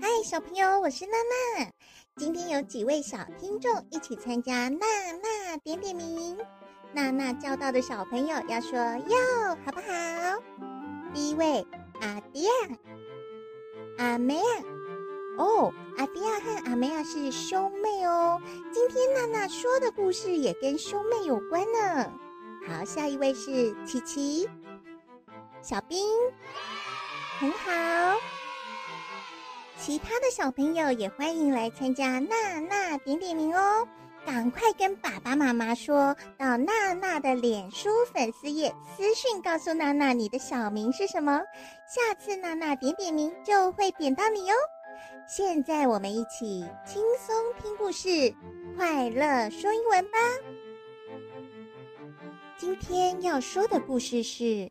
嗨，Hi, 小朋友，我是娜娜。今天有幾位小聽眾一起參加娜娜點點名，娜娜叫到的小朋友要說喲，好不好？第一位，阿迪亞，阿梅亞、啊。哦，阿迪亞和阿梅亞、啊、是兄妹哦。今天娜娜說的故事也跟兄妹有關呢。好，下一位是琪琪。小冰，很好。其他的小朋友也歡迎來參加娜娜點點名哦！趕快跟爸爸媽媽說到娜娜的臉書粉絲頁私訊告訴娜娜你的小名是什麼，下次娜娜點點名就會點到你哦！現在我們一起輕鬆聽故事，快樂說英文吧。今天要說的故事是《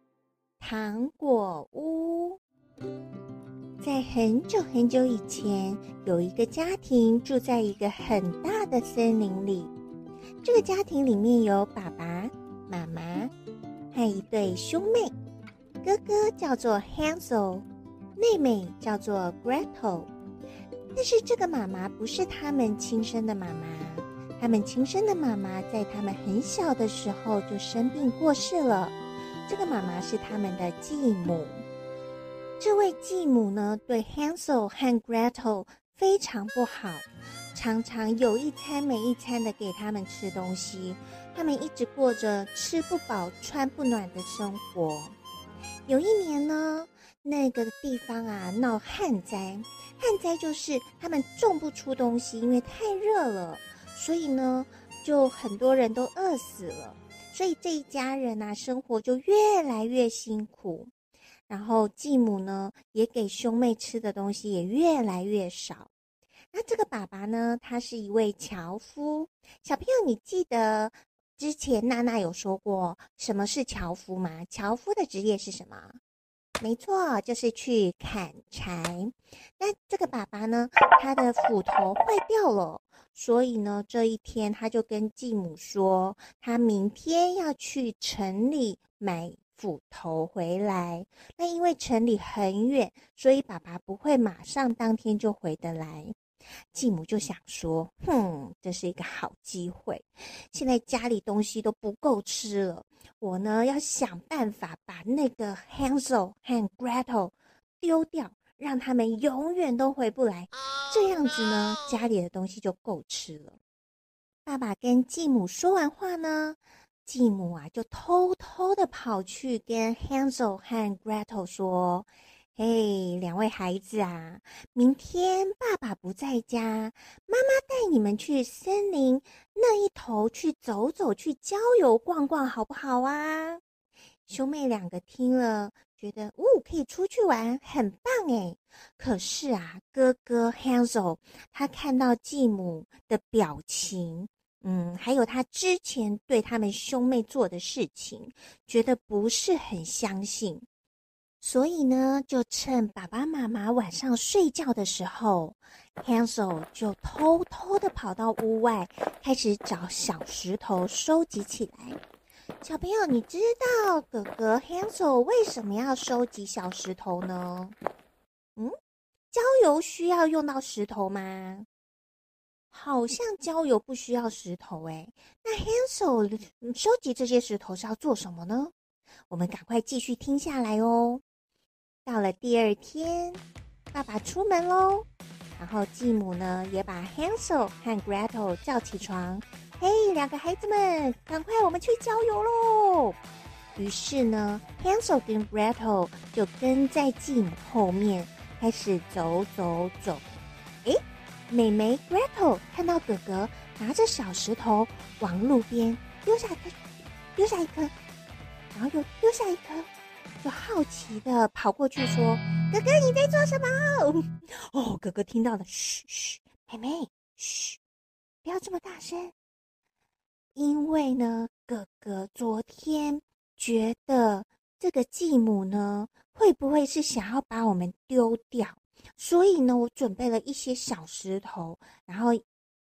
糖果屋》。在很久很久以前，有一個家庭住在一個很大的森林裡。這個家庭裡面有爸爸媽媽和一對兄妹，哥哥叫做 Hansel，妹妹叫做 Gretel。但是這個媽媽不是他們親生的媽媽，他們親生的媽媽在他們很小的時候就生病過世了。這個媽媽是他們的繼母。這位繼母呢，對 Hansel 和 Gretel 非常不好，常常有一餐沒一餐的給他們吃東西。他們一直過着吃不飽、穿不暖的生活。有一年呢，那個地方啊鬧旱災，旱災就是他們種不出東西，因為太熱了，所以呢，就很多人都餓死了。所以這一家人啊，生活就越來越辛苦。然後繼母呢，也給兄妹吃的東西也越來越少。那這個爸爸呢，他是一位樵夫。小朋友，你記得之前娜娜有說過什麼是樵夫嗎？樵夫的職業是什麼？沒錯，就是去砍柴。那這個爸爸呢，他的斧頭壞掉了，所以呢，這一天他就跟繼母說，他明天要去城裡買斧頭回來，那因為城裡很遠，所以爸爸不會馬上當天就回得來。繼母就想說：“哼、嗯，這是一個好機會。現在家裡東西都不夠吃了，我呢要想辦法把那個 Hansel 和 Gretel 丟掉，讓他們永遠都回不來。這樣子呢，家裡的東西就夠吃了。”爸爸跟繼母說完話呢。繼母啊，就偷偷的跑去跟 Hansel 和 Gretel 說：“嘿，兩位孩子啊，明天爸爸不在家，媽媽帶你們去森林那一頭去走走，去郊遊逛逛，好不好啊？”兄妹兩個聽了，覺得“哦，可以出去玩，很棒哎。”可是啊，哥哥 Hansel 他看到繼母的表情。嗯，還有他之前對他們兄妹做的事情，覺得不是很相信，所以呢，就趁爸爸媽媽晚上睡覺的時候 ，Hansel 就偷偷的跑到屋外，開始找小石頭收集起來。小朋友，你知道哥哥 Hansel 為什麼要收集小石頭呢？嗯？郊遊需要用到石頭嗎？好像郊遊不需要石頭哎、欸，那 Hansel 收集這些石頭是要做什麼呢？我們趕快繼續聽下來哦。到了第二天，爸爸出門嘍，然後繼母呢也把 Hansel 和 Gretel 叫起床。嘿，兩個孩子們，趕快我們去郊遊嘍！於是呢，Hansel 跟 Gretel 就跟在繼母後面開始走走走。哎、欸。妹妹 Gretel 看到哥哥拿着小石頭往路邊丟下一顆，丟下一顆，然後又丟下一顆，就好奇的跑過去說：“哥哥，你在做什麼？”嗯、哦，哥哥聽到了，噓噓，妹妹，噓，不要這麼大聲，因為呢，哥哥昨天覺得這個繼母呢，會不會是想要把我們丟掉？所以呢，我準備了一些小石頭，然後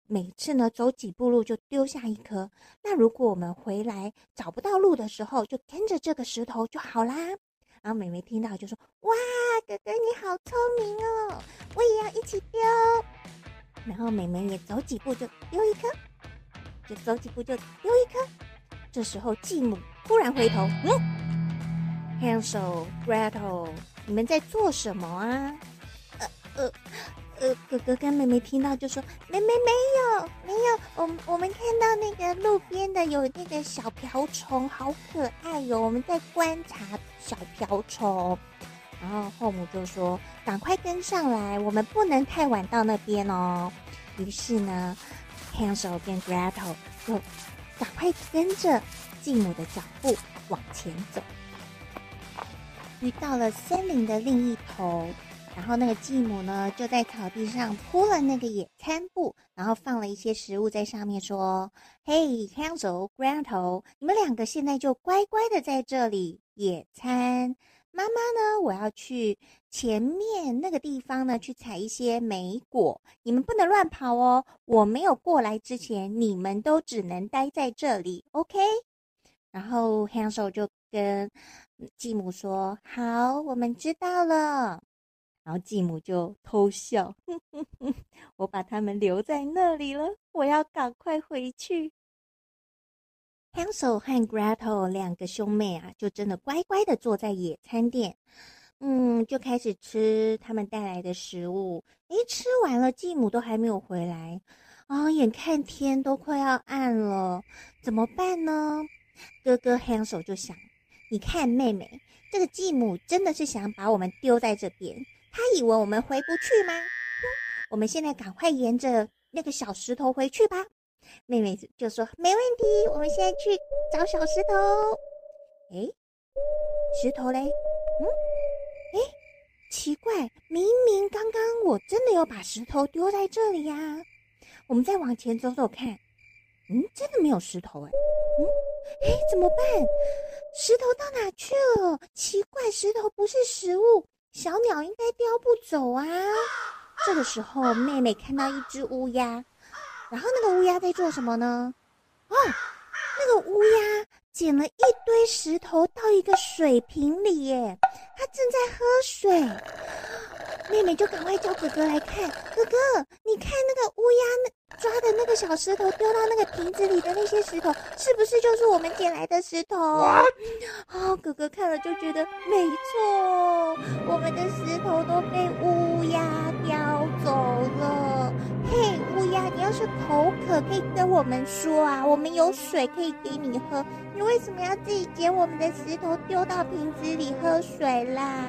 每次呢走幾步路就丟下一顆。那如果我們回來找不到路的時候，就跟着這個石頭就好啦。然後妹妹聽到就說：“哇，哥哥你好聰明哦！我也要一起丟。”然後妹妹也走幾步就丟一顆，就走幾步就丟一顆。這時候繼母突然回頭：“嗯 Hansel, Gretel，你們在做什麼啊？”呃呃，哥哥跟妹妹聽到就說：“沒沒沒有，沒有，我我們看到那個路邊的有那個小瓢蟲，好可愛喲、哦！我們在觀察小瓢蟲。”然後後母就說：“趕快跟上來，我們不能太晚到那邊哦。”於是呢，Hansel 跟 Gretel 就趕快跟着繼母的腳步往前走，遇到了森林的另一頭。然後那個繼母呢，就在草地上鋪了那個野餐布，然後放了一些食物在上面，說：“嘿 y、hey, Hansel, Grandpa, 你們兩個現在就乖乖的在這裡野餐。媽媽呢，我要去前面那個地方呢，去採一些莓果。你們不能亂跑哦，我沒有過來之前，你們都只能待在這裡，OK？然後 Hansel 就跟繼母說：‘好，我們知道了。’然後繼母就偷笑呵呵呵，我把他們留在那裡了，我要趕快回去。Hansel 和 Gretel 兩個兄妹啊，就真的乖乖的坐在野餐墊，嗯，就開始吃他們帶來的食物。哎，吃完了，繼母都還沒有回來，啊、哦，眼看天都快要暗了，怎麼辦呢？哥哥 Hansel 就想，你看妹妹，這個繼母真的是想把我們丟在這邊。他以為我們回不去嗎？嗯，我們現在趕快沿着那個小石頭回去吧。妹妹就說：“沒問題，我們現在去找小石頭。”哎，石頭嘞？嗯，哎，奇怪，明明剛剛我真的有把石頭丟在這裡呀。我們再往前走走看。嗯，真的沒有石頭哎。嗯，哎，怎麼辦？石頭到哪去了？奇怪，石頭不是食物。小鳥應該叼不走啊！這個時候，妹妹看到一隻烏鴉，然後那個烏鴉在做什麼呢？哦，那個烏鴉撿了一堆石頭到一個水瓶裡耶，它正在喝水。妹妹就趕快叫哥哥來看。哥哥，你看那個烏鴉抓的那個小石頭，丟到那個瓶子裡的那些石頭，是不是就是我們撿來的石頭？啊 What?、哦！哥哥看了就覺得沒錯，我們的石頭都被烏鴉叼走了。嘿，烏鴉，你要是口渴，可以跟我們說啊，我們有水可以給你喝。你為什麼要自己撿我們的石頭丟到瓶子裡喝水啦？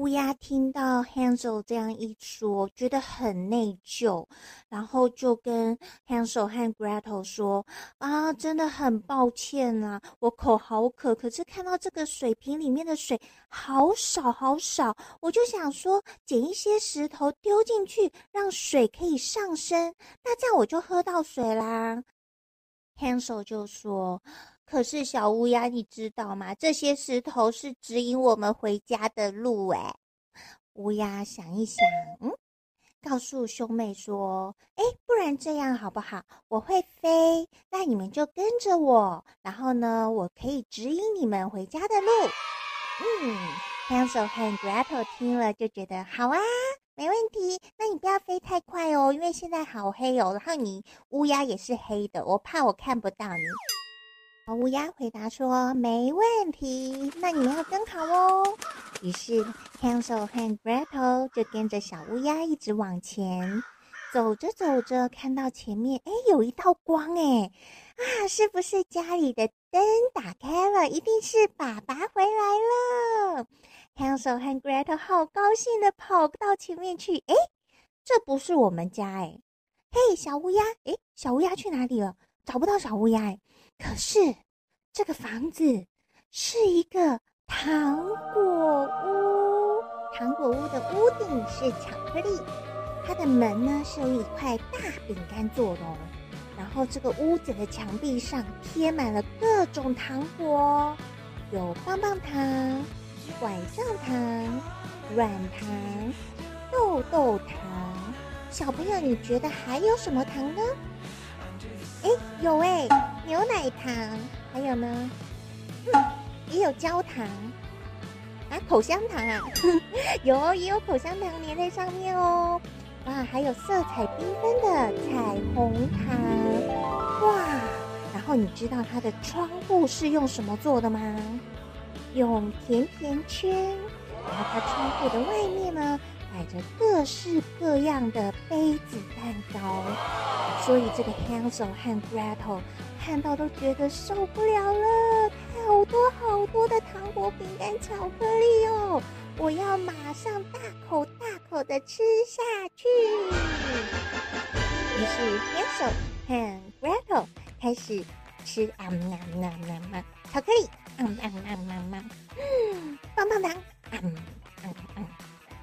烏鴉聽到 Hansel 這樣一說，覺得很內疚，然後就跟 Hansel 和 Gretel 說：“啊，真的很抱歉啊。我口好渴，可是看到這個水瓶裡面的水好少好少，我就想說，撿一些石頭丟進去，讓水可以上升，那這樣我就喝到水啦。” Hansel 就說。可是小烏鴉，你知道嗎？這些石頭是指引我們回家的路，欸。哎，烏鴉想一想，嗯、告訴兄妹說：“哎，不然這樣好不好？我會飛，那你們就跟着我，然後呢，我可以指引你們回家的路。嗯”嗯，Hansel 和 Gretel 聽了就覺得好啊，沒問題。那你不要飛太快哦，因為現在好黑哦，然後你烏鴉也是黑的，我怕我看不到你。小烏鴉回答說：“沒問題，那你們要跟好哦。”於是，Hansel 和 Gretel 就跟着小烏鴉一直往前，走着走着，看到前面哎，有一道光哎，啊，是不是家裡的燈打開了？一定是爸爸回來了。Hansel 和 Gretel 好高興地跑到前面去，哎，這不是我們家哎，嘿，小烏鴉，哎，小烏鴉去哪裡了？找不到小烏鴉哎。可是，這個房子是一個糖果屋。糖果屋的屋頂是巧克力，它的門呢是由一塊大餅乾做的。然後，這個屋子的牆壁上貼滿了各種糖果，有棒棒糖、拐杖糖、軟糖、豆豆糖。小朋友，你覺得還有什麼糖呢？哎、欸，有哎、欸，牛奶糖，還有呢，哼也有焦糖啊，口香糖啊，呵呵有哦，也有口香糖粘在上面哦，哇，還有色彩繽紛的彩虹糖，哇！然後你知道它的窗戶是用什麼做的嗎？用甜甜圈，然後它窗戶的外面呢？擺着各式各樣的杯子蛋糕，所以這個 Hansel 和 Gretel 看到都覺得受不了了，好多好多的糖果、餅乾、巧克力哦！我要馬上大口大口的吃下去。於是 Hansel 和 Gretel 開始吃啊啊啊巧克力啊啊啊啊棒棒糖啊啊啊！嗯嗯嗯嗯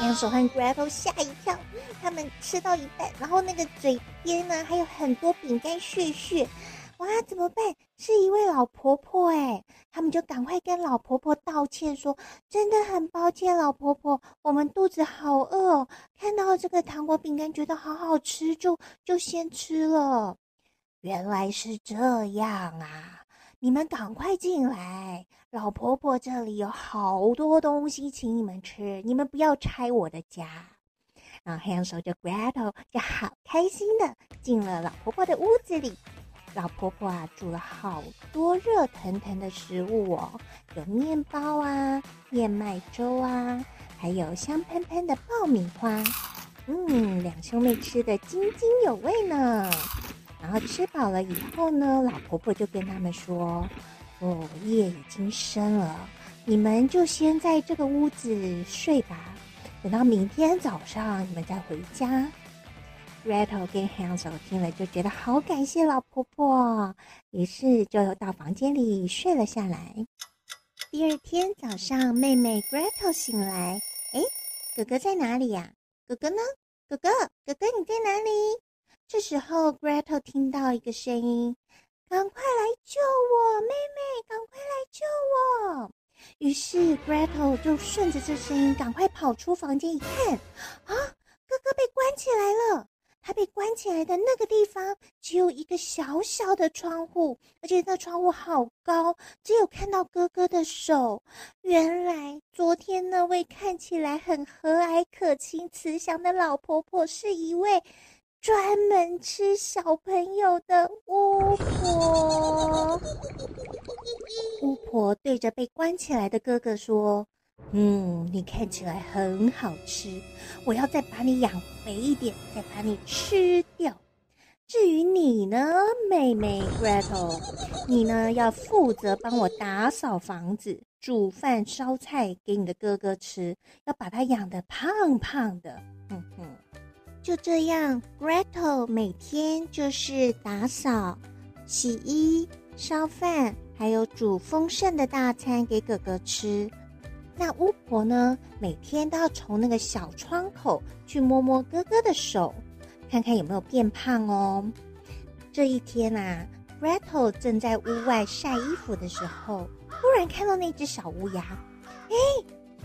Hansel 和 Gretel 嚇一跳，他們吃到一半，然後那個嘴邊呢還有很多餅乾屑屑，哇，怎麼辦？是一位老婆婆哎，他們就趕快跟老婆婆道歉說，說真的很抱歉，老婆婆，我們肚子好餓，看到這個糖果餅乾覺得好好吃就，就就先吃了。原來是這樣啊，你們趕快進來。老婆婆這裡有好多東西，請你們吃。你們不要拆我的家。然後，黑手就 g r a l e 就好開心的進了老婆婆的屋子裡。老婆婆啊，煮了好多熱騰騰的食物哦，有麵包啊、燕麥粥啊，還有香噴噴的爆米花。嗯，兩兄妹吃得津津有味呢。然後吃飽了以後呢，老婆婆就跟他們說。哦，夜已經深了，你們就先在這個屋子睡吧，等到明天早上你們再回家。Gretel 跟 Hansel 聽了就覺得好感謝老婆婆，於是就到房間裡睡了下來。第二天早上，妹妹 Gretel 醒來，哎，哥哥在哪裡呀？啊？哥哥呢？哥哥，哥哥，你在哪裡？這時候 Gretel 聽到一個聲音。趕快來救我，妹妹！趕快來救我！於是 Gretel 就順着這聲音，趕快跑出房間一看，啊，哥哥被關起來了！他被關起來的那個地方只有一個小小的窗戶，而且那窗戶好高，只有看到哥哥的手。原來，昨天那位看起來很和藹可親、慈祥的老婆婆，是一位……專門吃小朋友的巫婆。巫婆對着被關起來的哥哥說：“嗯，你看起來很好吃，我要再把你養肥一點，再把你吃掉。至於你呢，妹妹 Gretel，你呢要負責幫我打掃房子、煮飯、燒菜給你的哥哥吃，要把他養得胖胖的。哼哼。”就這樣，Gretel 每天就是打掃、洗衣、燒飯，還有煮豐盛的大餐給哥哥吃。那巫婆呢，每天都要從那個小窗口去摸摸哥哥的手，看看有沒有變胖哦。這一天啊，Gretel 正在屋外曬衣服的時候，突然看到那隻小烏鴉，哎，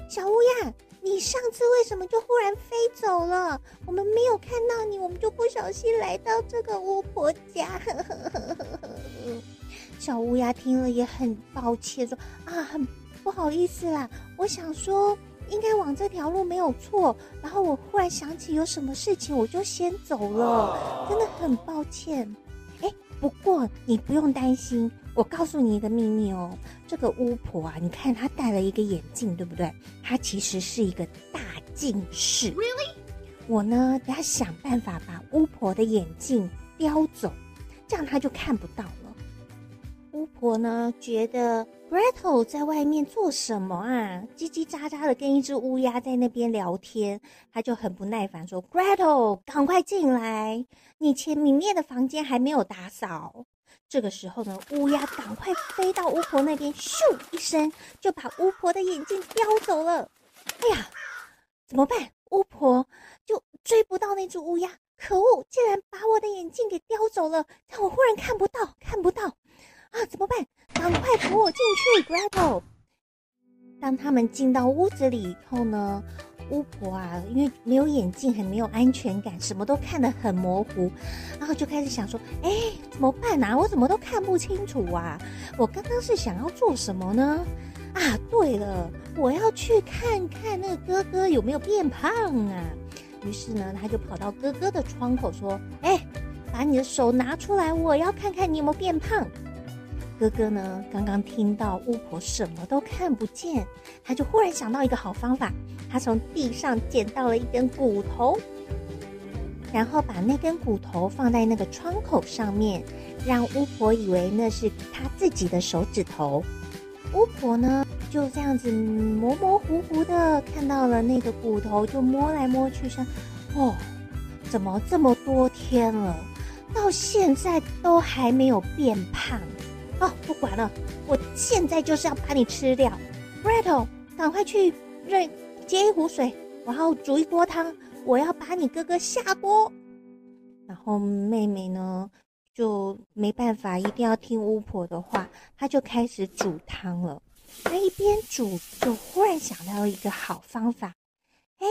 小烏鴉！你上次為什麼就忽然飛走了？我們沒有看到你，我們就不小心來到這個巫婆家。 小烏鴉聽了也很抱歉，說：“啊，很不好意思啦，我想說應該往這條路沒有錯，然後我忽然想起有什麼事情，我就先走了，真的很抱歉。”欸，哎，不過你不用擔心，我告訴你一個祕密哦。這個巫婆啊，你看她戴了一個眼鏡，對不對？她其實是一個大近視。Really？我呢，得要想辦法把巫婆的眼鏡叼走，這樣她就看不到了。巫婆呢，覺得 Gretel 在外面做什麼啊？嘰嘰喳喳的跟一隻烏鴉在那邊聊天，她就很不耐煩說：“Gretel，趕快進來，你前明面的房間還沒有打掃。”這個時候呢，烏鴉趕快飛到巫婆那邊，咻一聲就把巫婆的眼鏡叼走了。哎呀，怎麼辦？巫婆就追不到那只烏鴉。可惡，竟然把我的眼鏡給叼走了！但我忽然看不到，看不到啊！怎麼辦？趕快扶我進去，Gretel。當他們進到屋子裡以後呢，巫婆啊，因為沒有眼鏡，很沒有安全感，什麼都看得很模糊，然後就開始想說，欸，怎麼辦啊？我怎麼都看不清楚啊？我剛剛是想要做什麼呢？啊，對了，我要去看看那個哥哥有沒有變胖啊！於是呢，他就跑到哥哥的窗口說，欸，把你的手拿出來，我要看看你有沒有變胖。哥哥呢，剛剛聽到巫婆什麼都看不見，他就忽然想到一個好方法。他從地上撿到了一根骨頭，然後把那根骨頭放在那個窗口上面，讓巫婆以為那是他自己的手指頭。巫婆呢，就這樣子模模糊糊的看到了那個骨頭，就摸來摸去，想：哦，怎麼這麼多天了，到現在都還沒有變胖。哦，不管了，我現在就是要把你吃掉，Gretel，趕快去接一壺水，然後煮一鍋湯，我要把你哥哥下鍋。然後妹妹呢，就沒辦法，一定要聽巫婆的話，她就開始煮湯了。她一邊煮，就忽然想到一個好方法，嘿，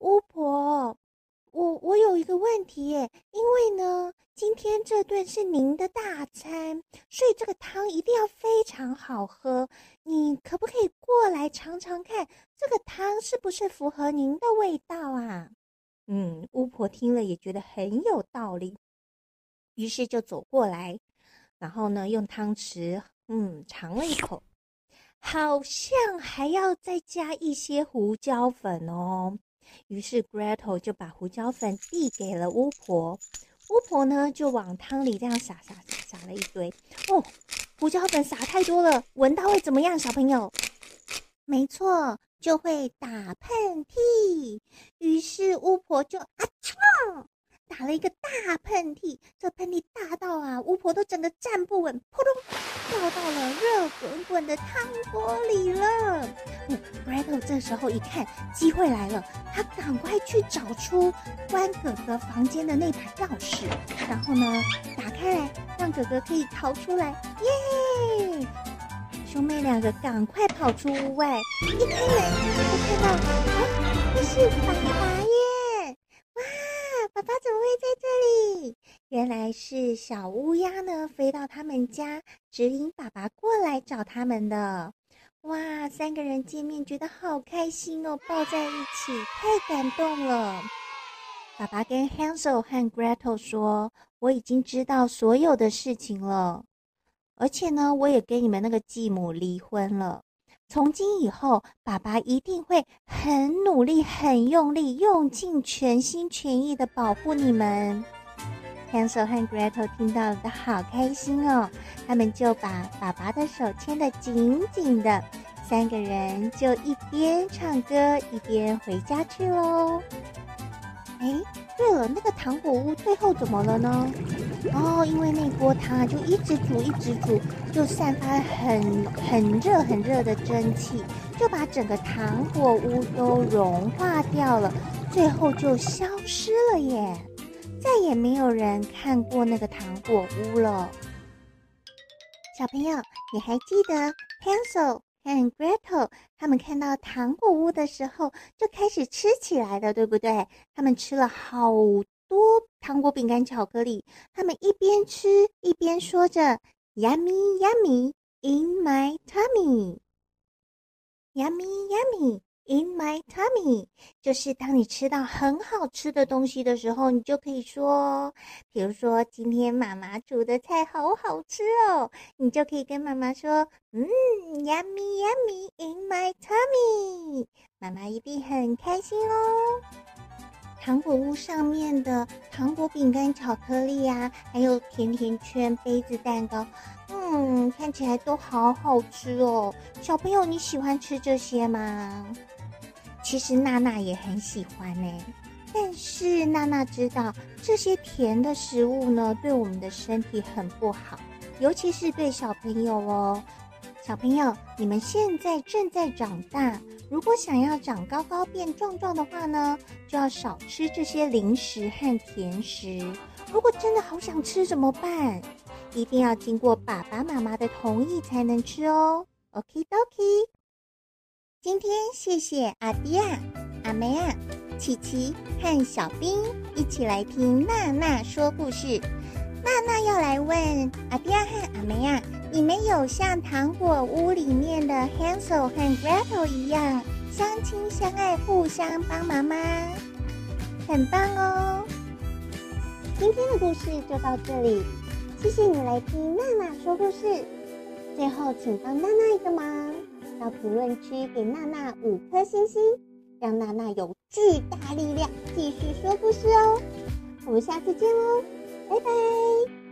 巫婆。我我有一個問題耶，因為呢，今天這頓是您的大餐，所以這個湯一定要非常好喝。你可不可以過來嘗嘗看，這個湯是不是符合您的味道啊？嗯，巫婆聽了也覺得很有道理，於是就走過來，然後呢，用湯匙嗯嘗了一口，好像還要再加一些胡椒粉哦。於是 Gretel 就把胡椒粉遞給了巫婆，巫婆呢就往湯裡這樣撒撒撒撒了一堆。哦，胡椒粉撒太多了，聞到會怎麼樣？小朋友？沒錯，就會打噴嚏。於是巫婆就啊嗆！打了一個大噴嚏，這噴嚏大到啊，巫婆都整個站不穩，撲通掉到了熱滾滾的湯鍋裡了。嗯，Gretel、哦、這時候一看，機會來了，他趕快去找出關哥哥房間的那把鑰匙，然後呢，打開來，讓哥哥可以逃出來。耶！兄妹兩個趕快跑出屋外，一開門就看到，啊、哦，這是爸爸耶！還是小烏鴉呢，飛到他們家指引爸爸過來找他們的。哇，三個人見面覺得好開心哦，抱在一起，太感動了。爸爸跟 Hansel 和 Gretel 說：“我已經知道所有的事情了，而且呢，我也跟你們那個繼母離婚了。從今以後，爸爸一定會很努力、很用力、用盡全心全意的保護你們。” Hansel 和 Gretel 聽到了都好開心哦，他們就把爸爸的手牽得緊緊的，三個人就一邊唱歌一邊回家去嘍。哎，對了，那個糖果屋最後怎麼了呢？哦，因為那鍋湯啊就一直煮一直煮，就散發很很熱很熱的蒸汽，就把整個糖果屋都融化掉了，最後就消失了耶。再也沒有人看過那個糖果屋了。小朋友，你還記得 Hansel 和 Gretel 他們看到糖果屋的時候就開始吃起來了，對不對？他們吃了好多糖果、餅乾、巧克力。他們一邊吃一邊說着：“Yummy, Yummy in my tummy, Yummy, Yummy。” In my tummy，就是當你吃到很好吃的東西的時候，你就可以說，比如說今天媽媽煮的菜好好吃哦，你就可以跟媽媽說，嗯，Yummy Yummy in my tummy，媽媽一定很開心哦。糖果屋上面的糖果、餅乾、巧克力呀、啊，還有甜甜圈、杯子、蛋糕，嗯，看起來都好好吃哦。小朋友，你喜歡吃這些嗎？其實娜娜也很喜歡呢，但是娜娜知道這些甜的食物呢，對我們的身體很不好，尤其是對小朋友哦。小朋友，你們現在正在長大，如果想要長高高、變壯壯的話呢，就要少吃這些零食和甜食。如果真的好想吃怎麼辦？一定要經過爸爸媽媽的同意才能吃哦。Okie dokie. 今天謝謝阿迪亞、阿梅亞、啊、琪琪和小兵一起來聽娜娜說故事。娜娜要來問阿迪亞和阿梅亞、啊，你們有像糖果屋裡面的 Hansel 和 Gretel 一樣相親相愛、互相幫忙嗎？很棒哦！今天的故事就到這裡，謝謝你來聽娜娜說故事。最後，請幫娜娜一個忙。到評論區給娜娜五顆星星，讓娜娜有巨大力量繼續說故事哦！我們下次見哦，拜拜。